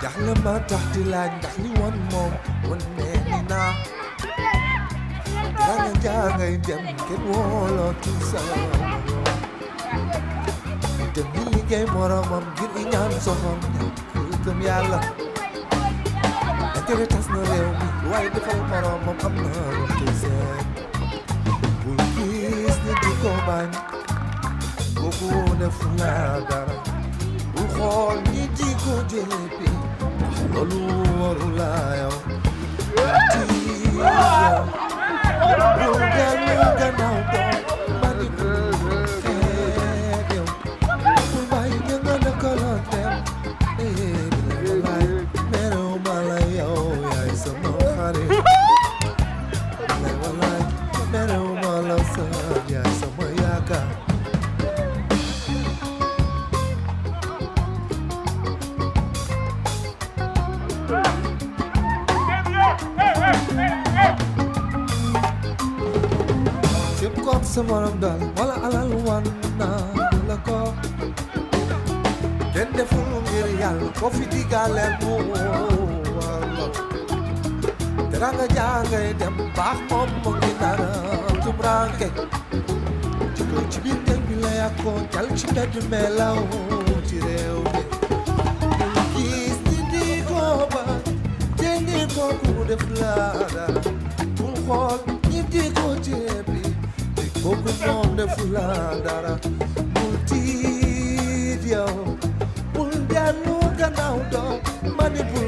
jaaxle ma tax di laaj ndax li woon moom woon nee ni naa danga jaangay dem kenn woolootul sa dem di liggéey moromam ngir i ñaan soxom ñàkkul gëm yàlla tere tas na réew mi waaye defal moroomam am na lu koy seet bul gis nit di ko bañ kooku def na dara xool nit di ko jéppi loolu waru la yow sa morom dal wala alal wan naa la ko kenn deful ngir yàlla ko fi diggaale mu wala teranga jaa ngay dem baax moom mu ngi dara tumranke ci ko ci biir bi la yàqoo jal ci mbedd melaw ci réew mi gis ni di ko ba jëndi ko ku def la dara bul xool ñi di ko jéem Beaucoup font de fulandara Multi dio Muldia no ganao do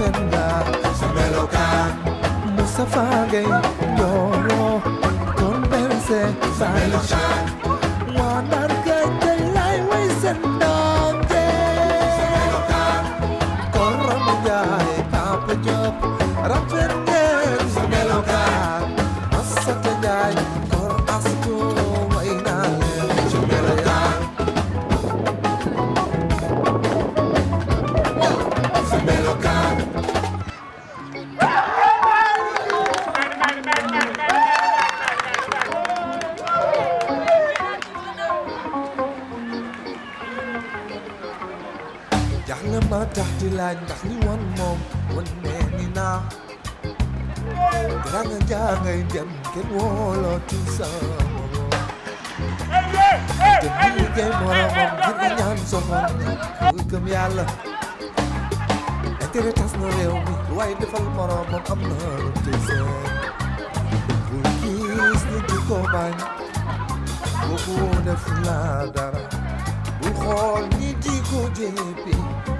Senda Semeloka Mustafa Gay Yoro Converse Semeloka Wanan Gay Daylight Way Senda Semeloka Corra Mujay Tapa Job Rafa like that's the one mom, one man in a. Grang and jang and jam get wall or two some. The new game or a mom, get the yan so on. We come yalla. And there it has no real me. Why the fall more of mom, I'm not to say. We kiss the two combine. Go go the fladder. We call me Dico JP.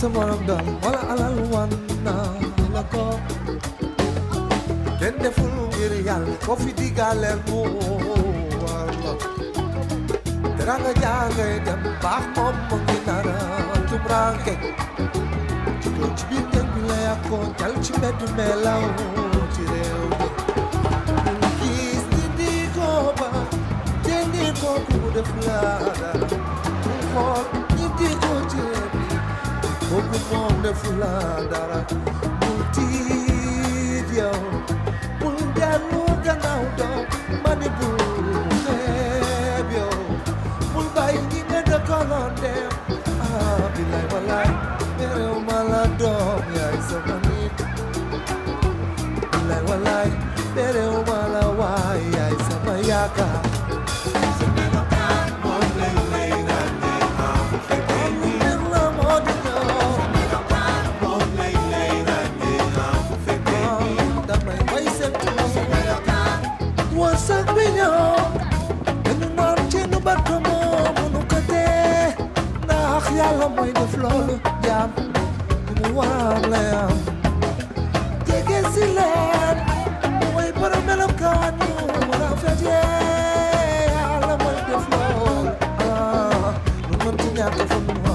sa morom dal wala alal wan la ko kenn deful ngir yàlla ko fi digaaleel mu war la teranga jaa ngay dem baax moom mu ngi nara tumuraanke juddoo ci biir bi la yàqoo jal ci mbedd meelaw ci réew mi gis di ko ba jéngi def la dara xool ñi di ko ci Pouco pão de fulana, multidão. yàlla mooy def loolu jaam bu mu war la am jege si leen mooy borom melokaan mu rafet yàlla mooy def loolu ah lu mën ci ñàkk fa mu